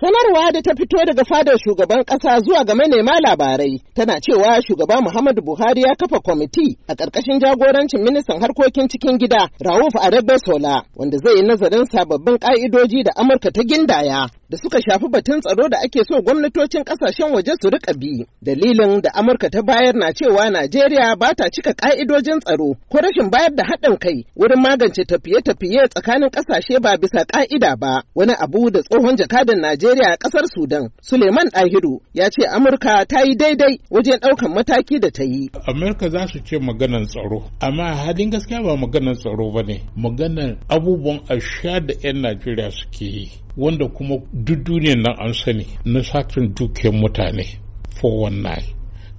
Sanarwa da ta fito daga fadar shugaban ƙasa zuwa ga manema labarai tana cewa shugaba Muhammadu Buhari ya kafa kwamiti a ƙarƙashin jagorancin ministan harkokin cikin gida Rauf Arabbe Sola wanda zai yi nazarin sababbin ƙa'idoji da Amurka ta gindaya da suka shafi batun tsaro da ake so gwamnatocin kasashen waje su rika bi. Dalilin da Amurka ta bayar na cewa Najeriya ba ta cika ka'idojin tsaro ko rashin bayar da haɗin kai wurin magance tafiye-tafiye tsakanin kasashe ba bisa ka'ida ba. Wani abu da tsohon jakadan Najeriya a ƙasar Sudan, Suleiman ɗahiru ya ce Amurka ta yi daidai wajen ɗaukan mataki da ta yi. Amurka za su ce maganar tsaro, amma halin gaskiya ba maganar tsaro ba ne, maganar abubuwan asha da 'yan Najeriya suke yi. wanda kuma duk duniyar nan an sani na sakin dukiyar mutane 419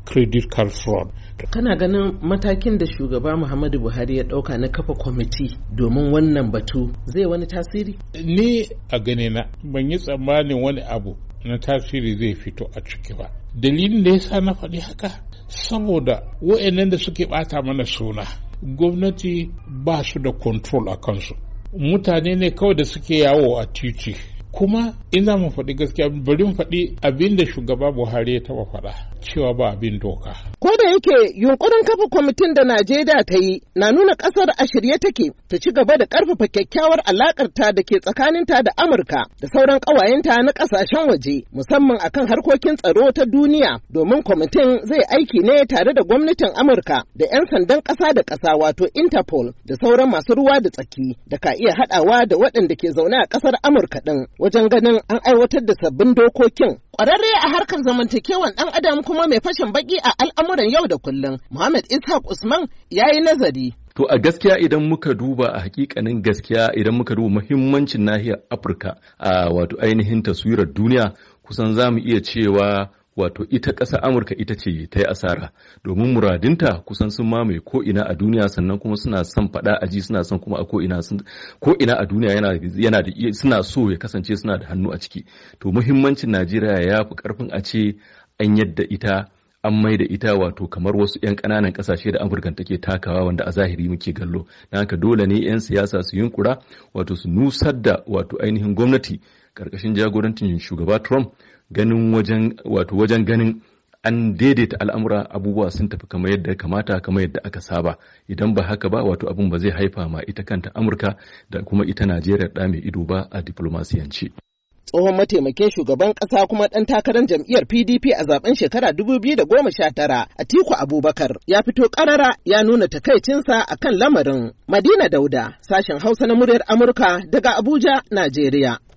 credit card fraud. Kana ganin matakin da shugaba Muhammadu Buhari ya ɗauka na kafa kwamiti domin wannan batu zai wani tasiri? Ni a gane na ban yi tsammanin wani abu na tasiri zai fito a ciki ba. Dalilin da ya sa na faɗi haka saboda wa'annan da suke bata mana suna gwamnati ba su da control a kansu. mutane ne kawai da suke yawo a titi kuma ina mu faɗi gaskiya bari mu faɗi abin da shugaba buhari ya taɓa faɗa cewa ba abin doka Ko da yake yunkurin kafa kwamitin da Najeriya ta yi na nuna ƙasar a shirye take ta ci gaba da ƙarfafa kyakkyawar alaƙarta da ke tsakaninta da Amurka da sauran ƙawayenta na ƙasashen waje musamman akan harkokin tsaro ta duniya domin kwamitin zai aiki ne tare da gwamnatin Amurka da 'yan sandan ƙasa da ƙasa wato Interpol da sauran masu ruwa da tsaki da ka iya haɗawa da waɗanda ke zaune a ƙasar Amurka ɗin wajen ganin an aiwatar da sabbin dokokin Ƙwararre a harkar zamantakewan ɗan adam kuma mai fashin baƙi a al'amuran yau da kullum, Muhammad Ishaq Usman ya yi nazari. To a gaskiya idan muka duba a hakikanin gaskiya idan muka duba muhimmancin nahiyar Afirka a wato ainihin taswirar duniya kusan za mu iya cewa wato ita ƙasa amurka ita ce ta yi asara domin muradinta kusan sun mamaye ko ina a duniya sannan kuma suna son faɗa aji suna son kuma a ko ina a duniya yana da suna so ya kasance suna da hannu a ciki to muhimmancin najeriya ya fi karfin a ce an yadda ita an mai da ita wato kamar wasu 'yan ƙananan ƙasashe da amurka take takawa wanda a zahiri muke gallo na haka dole ne 'yan siyasa su yunkura wato su nusar da wato ainihin gwamnati ƙarƙashin jagorancin shugaba trump ganin wajen wato wajen ganin an daidaita al'amura abubuwa sun tafi kamar yadda kamata kamar yadda aka saba idan ba haka ba wato abin ba zai haifa ma ita kanta amurka da kuma ita najeriya da mai ido ba a diplomasiyanci tsohon mataimakin shugaban ƙasa kuma ɗan takarar jam'iyyar pdp a zaben shekara dubu da goma sha 2019 atiku abubakar ya fito karara ya nuna takaicinsa a kan lamarin madina dauda sashen hausa na muryar amurka daga abuja najeriya